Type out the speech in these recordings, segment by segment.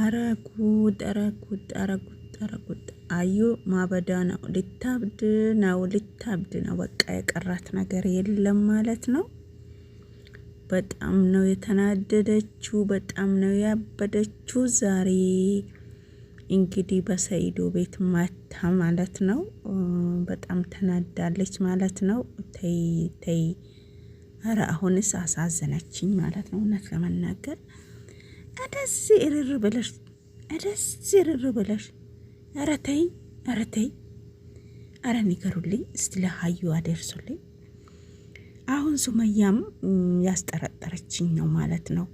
አረ ጉድ! አረ ጉድ! አረ ጉድ! አረ ጉድ! አዩ ማበዳ ነው። ልታብድ ነው። ልታብድ ነው። በቃ የቀራት ነገር የለም ማለት ነው። በጣም ነው የተናደደችው። በጣም ነው ያበደችው። ዛሬ እንግዲህ በሰይዶ ቤት ማታ ማለት ነው። በጣም ተናዳለች ማለት ነው። ተይ ተይ! አረ አሁንስ አሳዘነችኝ ማለት ነው እውነት ለመናገር እንደዚህ እርር ብለሽ እንደዚህ እርር ብለሽ ኧረ ተይ ኧረ ንገሩልኝ እስቲ ለሀዩ አደርሱልኝ። አሁን ሱመያም ያስጠረጠረችኝ ነው ማለት ነው።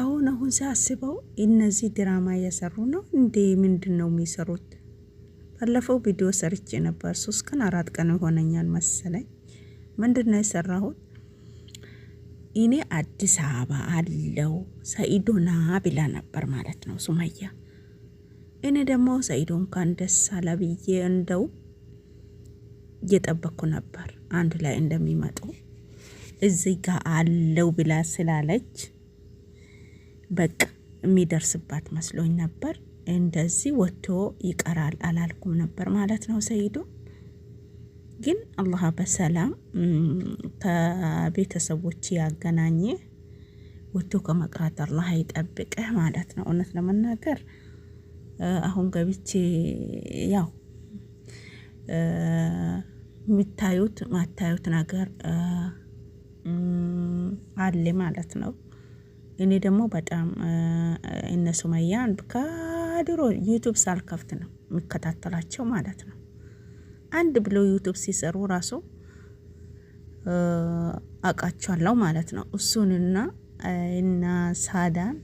አሁን አሁን ሳስበው እነዚህ ድራማ እየሰሩ ነው እንዴ? ምንድን ነው የሚሰሩት? ባለፈው ቪዲዮ ሰርቼ ነበር። ሶስት ቀን አራት ቀን ይሆነኛል መሰለኝ። ምንድን ነው የሰራሁት? እኔ አዲስ አበባ አለው ሰኢዶና ብላ ነበር ማለት ነው ሱመያ። እኔ ደግሞ ሰኢዶ እንኳን ደስ አለ ብዬ እንደው እየጠበቅኩ ነበር አንድ ላይ እንደሚመጡ እዚህ ጋ አለው ብላ ስላለች በቃ የሚደርስባት መስሎኝ ነበር። እንደዚህ ወጥቶ ይቀራል አላልኩም ነበር ማለት ነው ሰኢዶ። ግን አላህ በሰላም ከቤተሰቦች ያገናኘ ወጥቶ ከመቅራት አላህ ይጠብቅህ ማለት ነው። እውነት ለመናገር አሁን ገብቼ ያው የምታዩት ማታዩት ነገር አለ ማለት ነው። እኔ ደግሞ በጣም እነ ሱመያን ከድሮ ዩቱብ ሳልከፍት ነው የሚከታተላቸው ማለት ነው። አንድ ብለው ዩቱብ ሲሰሩ ራሱ አውቃቸዋለሁ ማለት ነው። እሱንና እና ሳዳን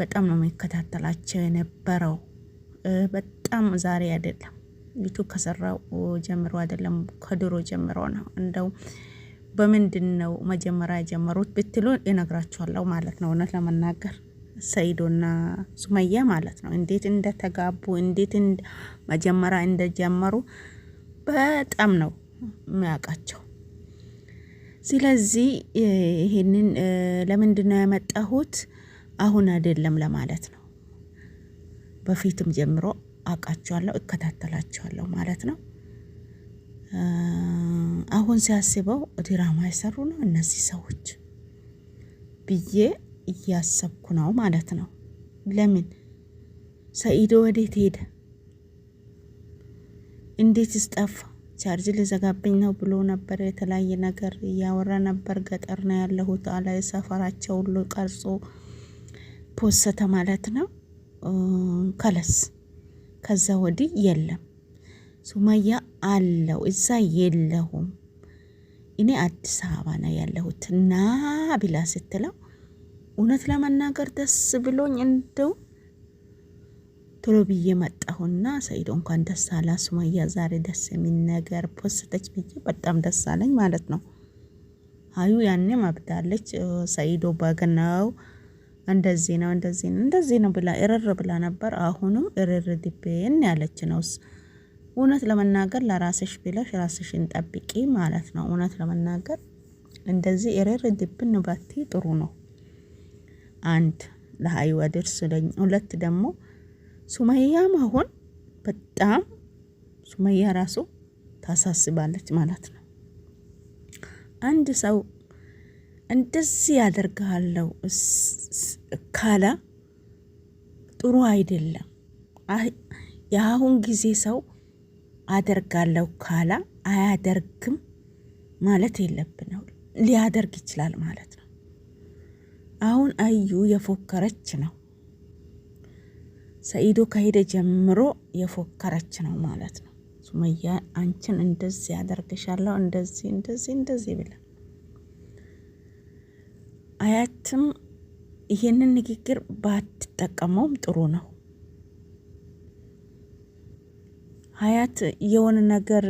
በጣም ነው የሚከታተላቸው የነበረው። በጣም ዛሬ አይደለም ዩቱብ ከሰራው ጀምሮ አይደለም ከድሮ ጀምሮ ነው። እንደው በምንድን ነው መጀመሪያ የጀመሩት ብትሉ እነግራችኋለሁ ማለት ነው እውነት ለመናገር ሰይዶና ሱመያ ማለት ነው። እንዴት እንደተጋቡ እንዴት መጀመሪያ እንደጀመሩ በጣም ነው የሚያውቃቸው። ስለዚህ ይሄንን ለምንድን ነው ያመጣሁት? አሁን አይደለም ለማለት ነው። በፊትም ጀምሮ አውቃቸዋለሁ፣ እከታተላቸዋለሁ ማለት ነው። አሁን ሲያስበው ድራማ የሰሩ ነው እነዚህ ሰዎች ብዬ እያሰብኩ ነው ማለት ነው። ለምን ሰኢዶ ወዴት ሄደ? እንዴት ስጠፋ? ቻርጅ ልዘጋብኝ ነው ብሎ ነበር። የተለያየ ነገር እያወራ ነበር። ገጠር ነው ያለሁት አለ። ሰፈራቸው ሁሉ ቀርጾ ፖሰተ ማለት ነው። ከለስ ከዛ ወዲህ የለም። ሱመያ አለው እዛ የለሁም እኔ አዲስ አበባ ነው ያለሁት ና ብላ ስትለው እውነት ለመናገር ደስ ብሎኝ እንደው ቶሎ ብዬ መጣሁና ሰይዶ እንኳን ደስ አላ ሱመያ ዛሬ ደስ የሚል ነገር ፖስተች ብዬ በጣም ደስ አለኝ ማለት ነው። አዩ ያኔ ማብዳለች ሰይዶ በገናው እንደዚህ ነው እንደዚህ ነው እንደዚህ ነው ብላ እርር ብላ ነበር። አሁንም እርር ድቤን ያለች ነው። እውነት ለመናገር ለራስሽ ብለሽ ራስሽን ጠብቂ ማለት ነው። እውነት ለመናገር እንደዚህ እርር ድብን ባቲ ጥሩ ነው። አንድ ለሀይዋ ድርስልኝ፣ ሁለት ደግሞ ሱመያም አሁን በጣም ሱመያ ራሱ ታሳስባለች ማለት ነው። አንድ ሰው እንደዚህ ያደርግሃለው ካለ ጥሩ አይደለም። የአሁን ጊዜ ሰው አደርጋለሁ ካላ አያደርግም ማለት የለብንም። ሊያደርግ ይችላል ማለት ነው። አሁን አዩ የፎከረች ነው። ሰኢዶ ከሄደ ጀምሮ የፎከረች ነው ማለት ነው። ሱመያ አንቺን እንደዚህ ያደርግሻለሁ እንደዚህ እንደዚህ እንደዚህ ብላ አያትም ይሄንን ንግግር ባትጠቀመውም ጥሩ ነው። ሀያት የሆነ ነገር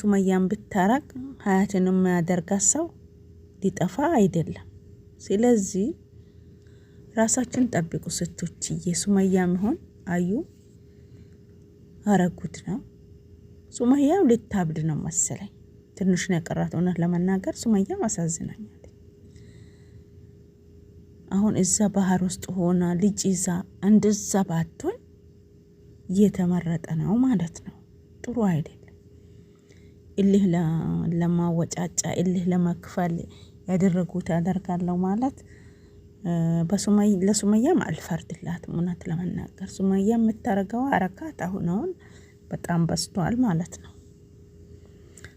ሱመያን ብታረቅ ሀያትንም ያደርጋት ሰው ሊጠፋ አይደለም። ስለዚህ ራሳችን ጠብቁ ስቶች የሱመያ መሆን አዩ አረጉት ነው። ሱመያም ልታብድ ነው መሰለኝ። ትንሽ ነው የቀራት። እውነት ለመናገር ሱመያም አሳዝናኛል። አሁን እዛ ባህር ውስጥ ሆና ልጅ ይዛ እንደዛ ባትሆን እየተመረጠ ነው ማለት ነው። ጥሩ አይደለም። እልህ ለማወጫጫ፣ እልህ ለመክፈል ያደረጉት ያደርጋለሁ ማለት ለሱመያም አልፈርድላትም። እውነት ለመናገር ሱመያ የምታደርገው አረካት አሁነውን በጣም በስቷል ማለት ነው።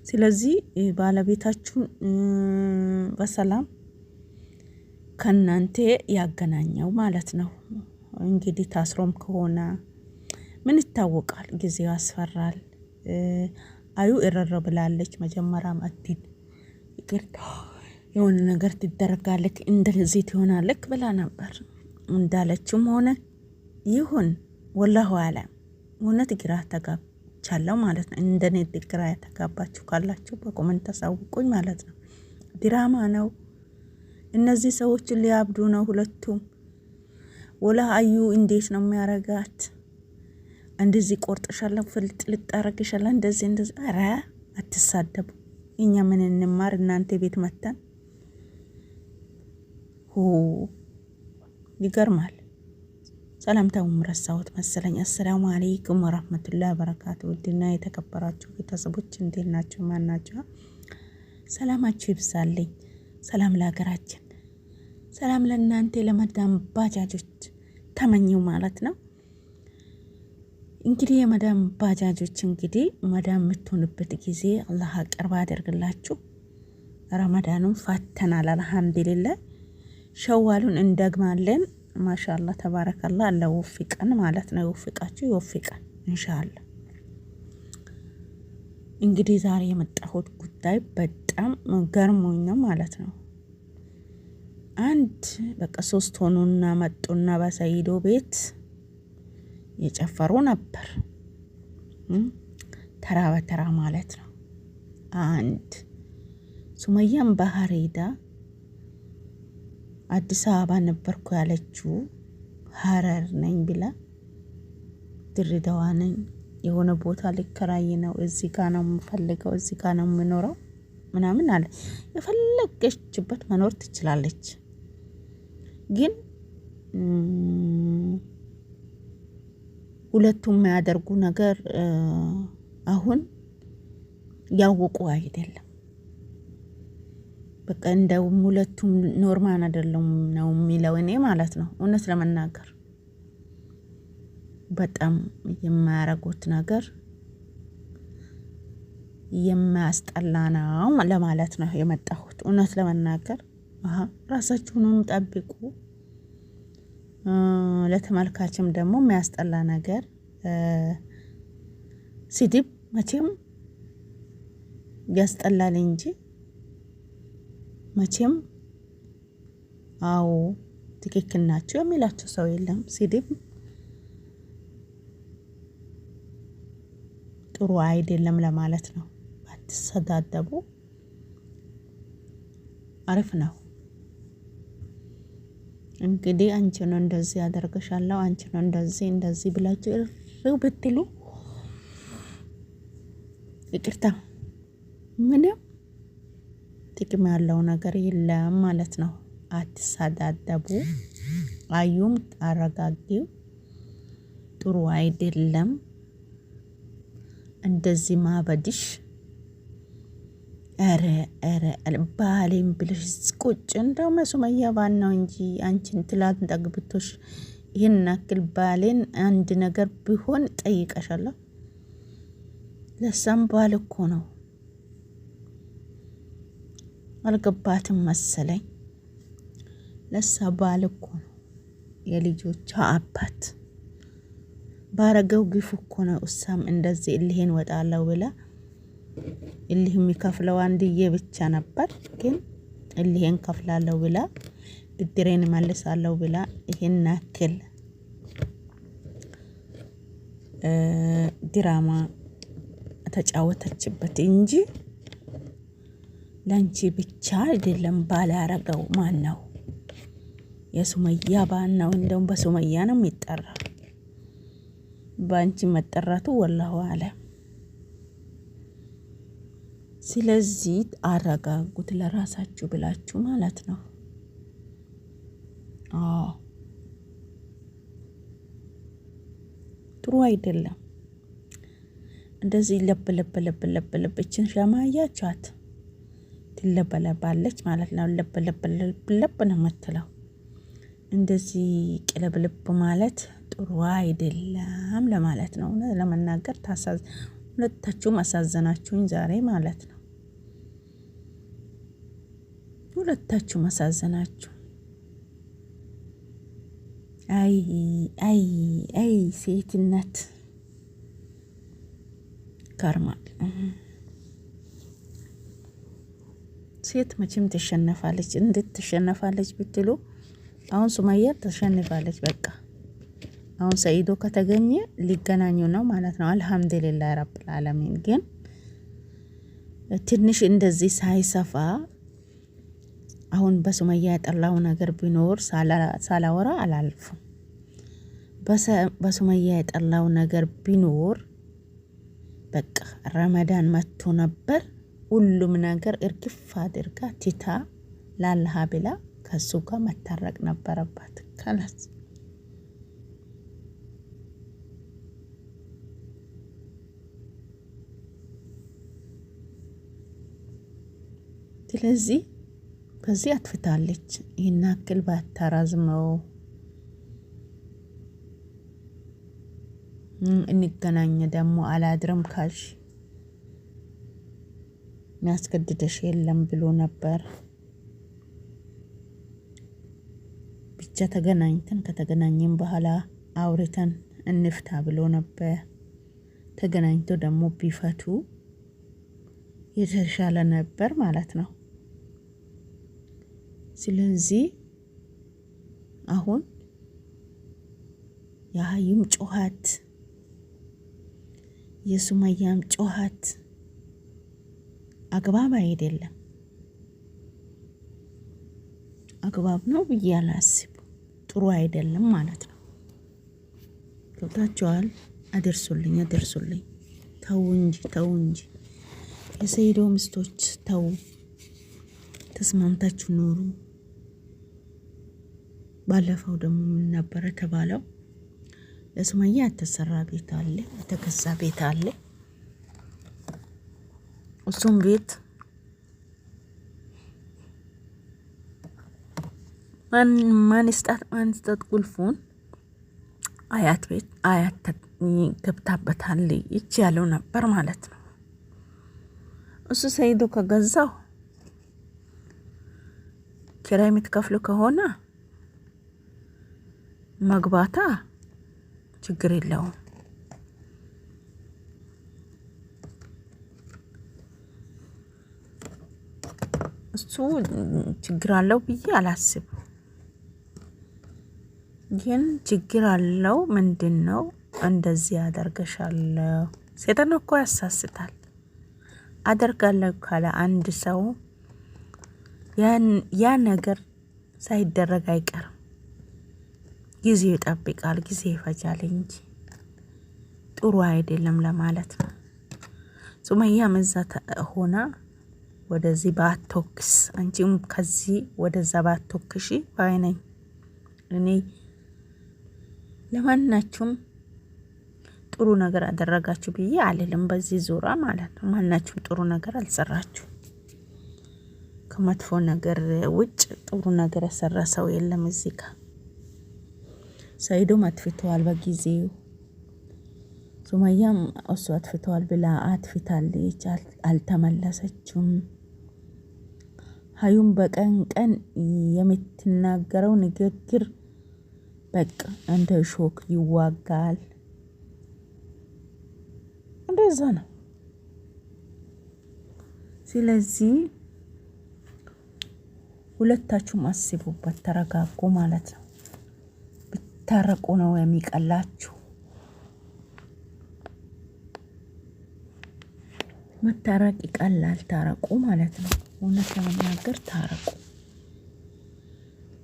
ስለዚህ ባለቤታችሁን በሰላም ከእናንተ ያገናኘው ማለት ነው። እንግዲህ ታስሮም ከሆነ ምን ይታወቃል? ጊዜው ያስፈራል። አዩ እረረ ብላለች። መጀመሪያ አዲድ ይቅርታ የሆነ ነገር ትደረጋለክ፣ እንደዚህ ትሆናለክ ብላ ነበር። እንዳለችም ሆነ ይሁን ወላሁ አለም። እውነት ግራ ተጋብቻለሁ ማለት ነው። እንደኔ ግራ ተጋባችሁ ካላችሁ በኮመንት አሳውቁኝ ማለት ነው። ድራማ ነው። እነዚህ ሰዎች ሊያብዱ ነው ሁለቱም። ወላ አዩ እንዴት ነው የሚያረጋት? እንደዚህ ቆርጥሻለሁ፣ ፍልጥ ልጣረግሻለሁ፣ እንደዚህ እንደዚህ። ኧረ አትሳደቡ። እኛ ምን እንማር እናንተ ቤት መተን ይገርማል። ሰላምታው ረሳሁት መሰለኝ። አሰላሙ አለይኩም ወራህመቱላሂ ወበረካቱ። ውድና የተከበራችሁ ቤተሰቦች እንዴት ናችሁ? ማን ናችሁ? ሰላማችሁ ይብዛልኝ። ሰላም ለሀገራችን፣ ሰላም ለእናንተ ለመዳም ባጃጆች ተመኘው ማለት ነው። እንግዲህ የመዳም ባጃጆች እንግዲህ መዳም የምትሆንበት ጊዜ አላህ አቅርባ አደርግላችሁ። ረመዳኑን ፋተናል አልሐምዱሊላህ ሸዋሉን እንደግማለን። ማሻላ ተባረከላ አለ ወፍቀን ማለት ነው። ወፍቃችሁ ይወፍቀን እንሻላ። እንግዲህ ዛሬ የመጣሁት ጉዳይ በጣም ገርሞኝ ነው ማለት ነው። አንድ በቃ ሶስት ሆኑና መጡና በሰይዶ ቤት የጨፈሩ ነበር፣ ተራ በተራ ማለት ነው። አንድ ሱመያን ባህር ሄዳ አዲስ አበባ ነበርኩ ያለችው ሀረር ነኝ ብላ ድሬዳዋ ነኝ የሆነ ቦታ ልከራይ ነው፣ እዚህ ጋ ነው የምፈልገው፣ እዚህ ጋ ነው የምኖረው ምናምን አለ። የፈለገችበት መኖር ትችላለች። ግን ሁለቱም የሚያደርጉ ነገር አሁን ያወቁ አይደለም በቃ እንደውም ሁለቱም ኖርማል አይደለም ነው የሚለው እኔ ማለት ነው። እውነት ለመናገር በጣም የማያረጉት ነገር የማያስጠላ ነው ለማለት ነው የመጣሁት። እውነት ለመናገር ራሳችሁንም ጠብቁ። ለተመልካችም ደግሞ የሚያስጠላ ነገር ስድብ መቼም ያስጠላል እንጂ መቼም አዎ ትክክል ናቸው የሚላቸው ሰው የለም። ስድብ ጥሩ አይደለም ለማለት ነው። ባትሰዳደቡ አሪፍ ነው። እንግዲህ አንቺ ነው እንደዚህ ያደርገሻለሁ፣ አንቺ ነው እንደዚህ እንደዚህ ብላችሁ እርው ብትሉ ይቅርታ ምንም ጥቅም ያለው ነገር የለም ማለት ነው። አትሳዳደቡ አዩም አረጋጊው ጥሩ አይደለም። እንደዚህ ማበድሽ ኧረ ኧረ ባሌም ብለሽ ቁጭ እንደው መሱመያ ነው እንጂ አንቺን ትላት ጠግብቶሽ ይህን አክል ባሌን አንድ ነገር ቢሆን ጠይቀሻለሁ። ለሳም ባል እኮ ነው አልገባትም መሰለኝ። ለሳ ባል እኮ ነው የልጆቿ አባት ባረገው ግፍ እኮ ነው። እሷም እንደዚህ እልህን ወጣለው ብላ እልህ የሚከፍለው አንድዬ ብቻ ነበር፣ ግን እልህን ከፍላለሁ ብላ ብድሬን መልሳለሁ ብላ ይሄን ያክል ድራማ ተጫወተችበት እንጂ ለአንቺ ብቻ አይደለም ያረገው ማን ነው የሱመያ ባል ነው። እንደውም በሱመያ ነው የሚጠራ። በአንቺ መጠራቱ ወላሁ አለ ስለዚህ አረጋጉት ለራሳችሁ ብላችሁ ማለት ነው። አዎ ጥሩ አይደለም። እንደዚህ ለብ ለብ ለብ ለብ ለብ እችን ሻማ አያችኋት። ትለበለባለች ማለት ነው። ልብ ነው የምትለው። እንደዚህ ልብ ማለት ጥሩ አይደለም ለማለት ነው። ለመናገር ሁለታችሁም አሳዘናችሁኝ ዛሬ ማለት ነው። ሁለታችሁም አሳዘናችሁ። አይ አይ አይ ሴትነት ከርማል። ሴት መቼም ትሸነፋለች። እንዴት ትሸነፋለች ብትሉ አሁን ሱማያ ተሸንፋለች። በቃ አሁን ሰኢዶ ከተገኘ ሊገናኙ ነው ማለት ነው። አልሐምዱሊላ ረብል አለሚን። ግን ትንሽ እንደዚህ ሳይሰፋ አሁን በሱማያ የጠላው ነገር ቢኖር ሳላወራ አላልፍም። በሱማያ የጠላው ነገር ቢኖር በቃ ረመዳን መጥቶ ነበር ሁሉም ነገር እርግፍ አድርጋ ቲታ ላላሃ ብላ ከሱ ጋር መታረቅ ነበረባት። ከላስ ስለዚህ በዚህ አትፍታለች። ይህን አክል ባታራዝመው እንገናኝ ደግሞ አላድርም ካልሽ የሚያስገድደሽ የለም ብሎ ነበር። ብቻ ተገናኝተን ከተገናኘን በኋላ አውርተን እንፍታ ብሎ ነበር። ተገናኝቶ ደግሞ ቢፈቱ የተሻለ ነበር ማለት ነው። ስለዚህ አሁን የሀዩም ጩኸት የሱመያም ጩኸት አግባብ አይደለም። አግባብ ነው ብዬ አላስብ። ጥሩ አይደለም ማለት ነው። ገብታችኋል? አደርሱልኝ አደርሱልኝ። ተው እንጂ ተው እንጂ የሰይዶ ምስቶች ተው፣ ተስማምታችሁ ኖሩ። ባለፈው ደግሞ ምን ነበረ ተባለው? ለሱመያ የተሰራ ቤት አለ፣ የተገዛ ቤት አለ እሱም ቤት ማን ስጣት ማን ስጣት ቁልፉን አያት ቤት አያት ገብታበታል ይች ያለው ነበር ማለት ነው። እሱ ሰይዶ ከገዛው ኪራይ የምትከፍሉ ከሆነ መግባታ ችግር የለውም። እሱ ችግር አለው ብዬ አላስብም። ግን ችግር አለው ምንድን ነው እንደዚህ አደርገሻለሁ። ሴጣን እኮ ያሳስታል። አደርጋለሁ ካለ አንድ ሰው ያ ነገር ሳይደረግ አይቀርም። ጊዜ ይጠብቃል፣ ጊዜ ይፈጃል እንጂ ጥሩ አይደለም ለማለት ነው። ሱመያ መዛ ሆና ወደዚህ ባቶክስ አንቺም ከዚህ ወደዛ ባይ ነኝ እኔ ለማናችሁም ጥሩ ነገር አደረጋችሁ ብዬ አልልም። በዚህ ዙራ ማለት ነው። ማናችሁም ጥሩ ነገር አልሰራችሁ። ከመጥፎ ነገር ውጭ ጥሩ ነገር የሰራ ሰው የለም። እዚህ ጋ ሰይዶም አትፍተዋል በጊዜው ሱመያም እሱ አትፍተዋል ብላ አትፍታለች፣ አልተመለሰችም። ሀዩም በቀን ቀን የምትናገረው ንግግር በቃ እንደ ሾክ ይዋጋል። እንደዛ ነው። ስለዚህ ሁለታችሁም አስቡበት፣ ተረጋጉ ማለት ነው። ብታረቁ ነው የሚቀላችሁ። መታረቅ ይቀላል፣ ታረቁ ማለት ነው። እውነት ለመናገር ታረቁ።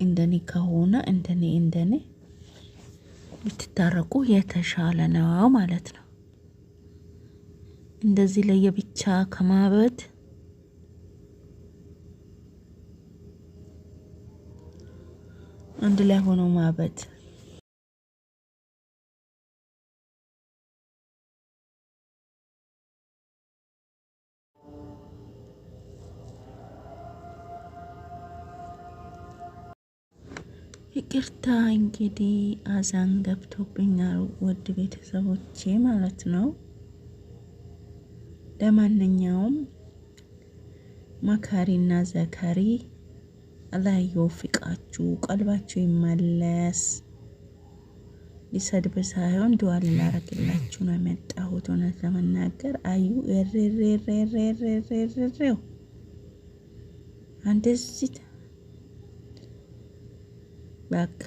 እንደኔ ከሆነ እንደኔ እንደኔ ብትታረቁ የተሻለ ነው ማለት ነው። እንደዚህ ለየብቻ ከማበት አንድ ላይ ሆኖ ማበት ይቅርታ እንግዲህ አዛን ገብቶብኛል፣ ውድ ቤተሰቦቼ ማለት ነው። ለማንኛውም መካሪና ዘካሪ አላህ ይወፍቃችሁ፣ ቀልባችሁ ይመለስ። ሊሰድብ ሳይሆን ድዋ ልናረግላችሁ ነው የመጣሁት። እውነት ለመናገር አዩ ሬሬሬሬሬሬው አንደዚህ በቃ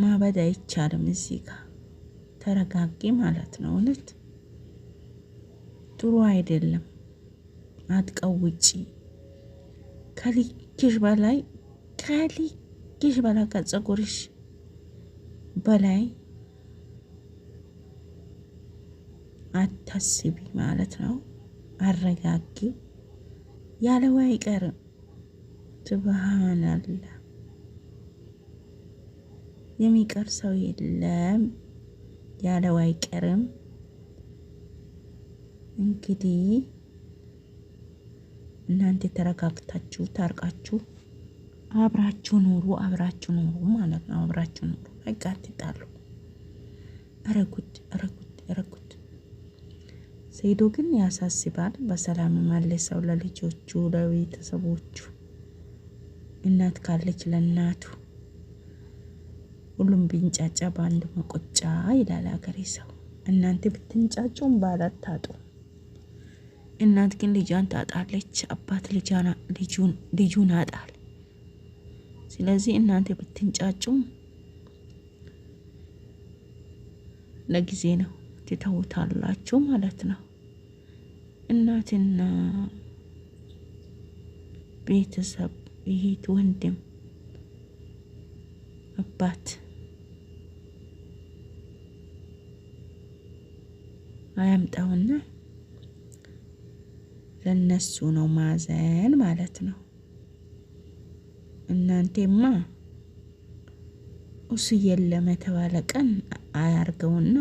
ማበድ አይቻልም። እዚህ ጋር ተረጋጊ ማለት ነው። እውነት ጥሩ አይደለም። አትቀውጪ። ከልክሽ በላይ ከልክሽ በላይ ከፀጉርሽ በላይ አታስቢ ማለት ነው። አረጋጊው ያለው አይቀርም። ስብሃናላ የሚቀር ሰው የለም ያለው አይቀርም። እንግዲህ እናንተ ተረጋግታችሁ ታርቃችሁ አብራችሁ ኑሩ፣ አብራችሁ ኑሩ ማለት ነው። አብራችሁ ኑሩ፣ በቃ አትጣሉ። አረጉት አረጉት አረጉት። ሰይዶ ግን ያሳስባል። በሰላም መልሰው ለልጆቹ ለቤተሰቦቹ እናት ካለች ለእናቱ ሁሉም ቢንጫጫ በአንድ መቆጫ ይላል አገሬ ሰው። እናንተ ብትንጫጩም ባላት ታጡ እናት ግን ልጇን ታጣለች፣ አባት ልጁን አጣል። ስለዚህ እናንተ ብትንጫጩም ለጊዜ ነው ትተውታላችሁ ማለት ነው። እናትና ቤተሰብ እህት፣ ወንድም፣ አባት አያምጣውና ለነሱ ነው ማዘን ማለት ነው። እናንቴማ እሱ የለም የተባለ ቀን አያርገውና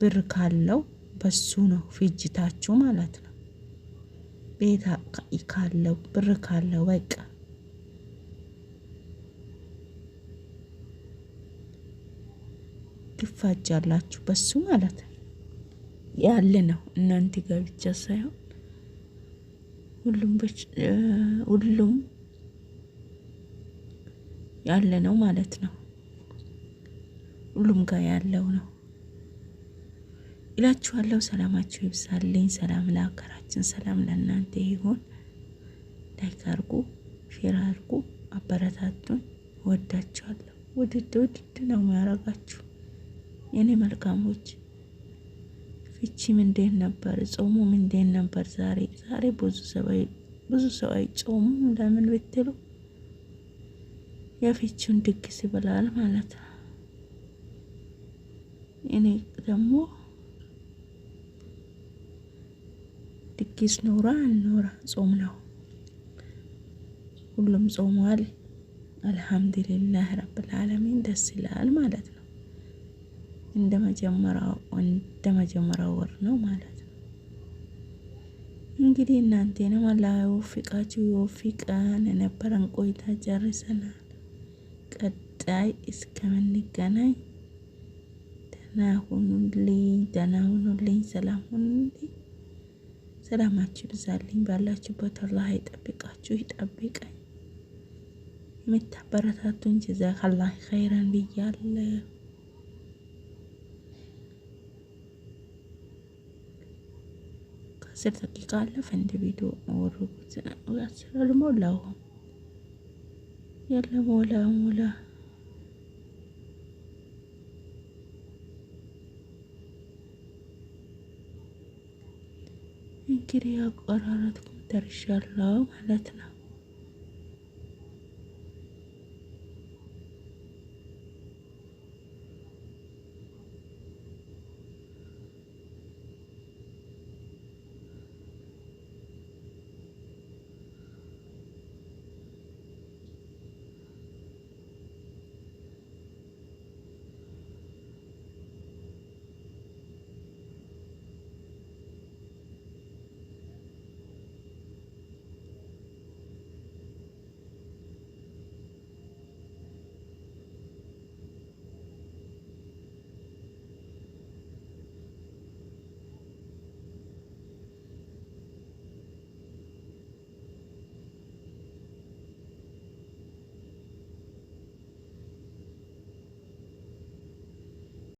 ብር ካለው በሱ ነው ፍጅታችሁ ማለት ነው። ቤት ካለው ብር ካለው በቃ ትፋጃላችሁ በሱ ማለት ነው ያለ ነው። እናንተ ጋር ብቻ ሳይሆን ሁሉም ሁሉም ያለ ነው ማለት ነው። ሁሉም ጋር ያለው ነው። ይላችኋለሁ። ሰላማችሁ ይብዛልኝ። ሰላም ለሀገራችን፣ ሰላም ለእናንተ ይሁን። ላይክ አርጉ፣ ሼር አርጉ፣ አበረታቱን። ወዳችኋለሁ። ውድድ ውድድ ነው የሚያረጋችሁ የኔ መልካሞች። ፍቺም እንዴት ነበር? ጾሙም እንዴት ነበር? ዛሬ ዛሬ ብዙ ሰው አይጾሙም። ለምን ብትሉ የፍቺውን ድግስ ይበላል ማለት ነው። እኔ ደግሞ ድግስ ኖራ አልኖራ ጾም ነው። ሁሉም ጾሟል። አልሐምዱሊላህ ዓለሚን ደስ ይላል ማለት ነው። እንደ መጀመሪያው ወር ነው ማለት ነው። እንግዲህ እናንተንም አላህ ይወፍቃችሁ ይወፍቃን። የነበረን ቆይታ ጨርሰናል። ቀጣይ እስከምንገናኝ ደህና ሁኑልኝ፣ ደህና ሁኑልኝ፣ ሰላም ሁኑልኝ። سلام عليكم زالين بالله جبته الله يتبقى جوه يتبقى متى برتاتون جزاك الله خيرا بيال كسر دقيقة لفند فيديو أورو سنة وعشرة المولاهم يلا مولا مولا, مولا. ንግግር ያቆራረጥኩ ደርሻለሁ ማለት ነው።